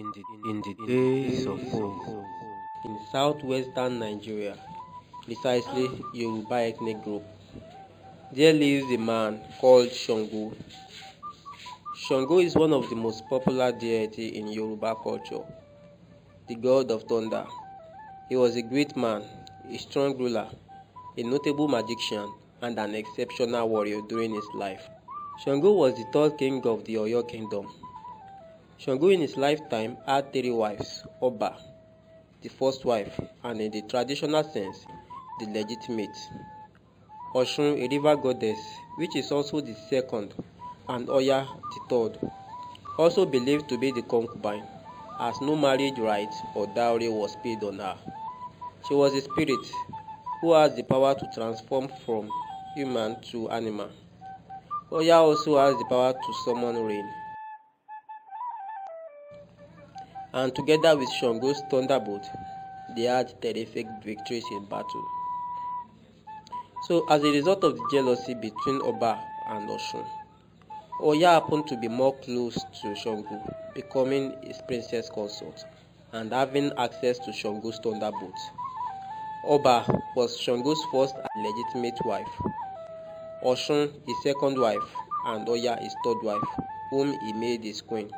in the, in the days of old. In southwestern Nigeria, precisely Yoruba ethnic group, there lives a man called Shango. Shango is one of the most popular deity in Yoruba culture, the god of thunder. He was a great man, a strong ruler, a notable magician, and an exceptional warrior during his life. Shango was the third king of the Oyo kingdom Shango in his lifetime had three wives Oba, the first wife, and in the traditional sense, the legitimate. Oshun, a river goddess, which is also the second, and Oya, the third, also believed to be the concubine, as no marriage right or dowry was paid on her. She was a spirit who has the power to transform from human to animal. Oya also has the power to summon rain. and together with Shango's thunderbolt, they had terrific victories in battle. So, as a result of the jealousy between Oba and Oshun, Oya happened to be more close to Shango, becoming his princess consort and having access to Shango's thunderbolt. Oba was Shango's first and legitimate wife, Oshun his second wife, and Oya his third wife, whom he made his queen.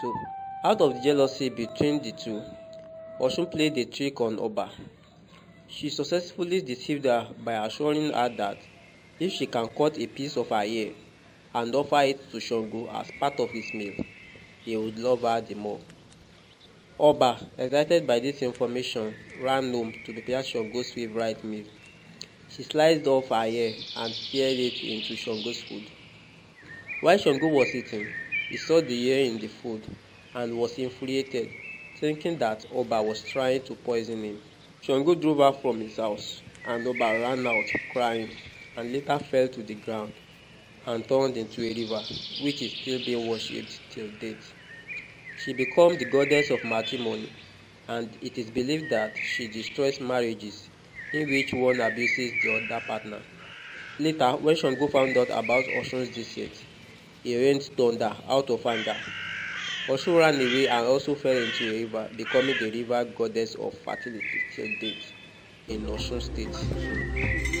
So, out of the jealousy between the two, Oshun played a trick on Oba. She successfully deceived her by assuring her that if she can cut a piece of her hair and offer it to Shango as part of his meal, he would love her the more. Oba, excited by this information, ran home to prepare Shango's favorite meal. She sliced off her hair and smeared it into Shango's food. While Shango was eating, He saw the ear in the food and was infuriated, thinking that Oba was trying to poison him. Shango drove her from his house, and Oba ran out crying and later fell to the ground and turned into a river, which is still being worshipped till date. She becomes the goddess of matrimony, and it is believed that she destroys marriages in which one abuses the other partner. Later, when Shango found out about Oshun's deceit, He rained thunder out of anger. Also ran away and also fell into a river, becoming the river goddess of fertility till date in Osun State.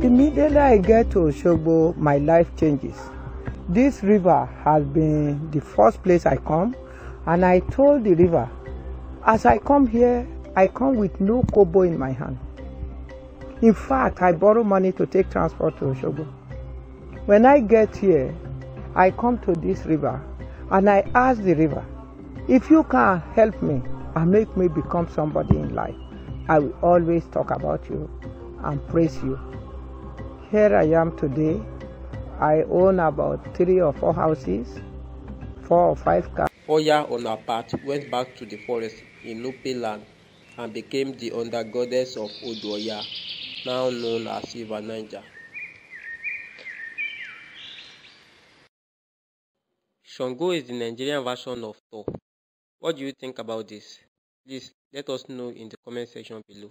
Immediately I get to Oshobo, my life changes. This river has been the first place I come, and I told the river, as I come here, I come with no kobo in my hand. In fact, I borrow money to take transport to Oshobo. When I get here, I come to this river and I ask the river, if you can help me and make me become somebody in life, I will always talk about you and praise you here I am today. I own about three or four houses, four or five cars. Oya on her part went back to the forest in Nupe land and became the under goddess of Odoya, now known as Ivananja. Shango is the Nigerian version of Thor. What do you think about this? Please let us know in the comment section below.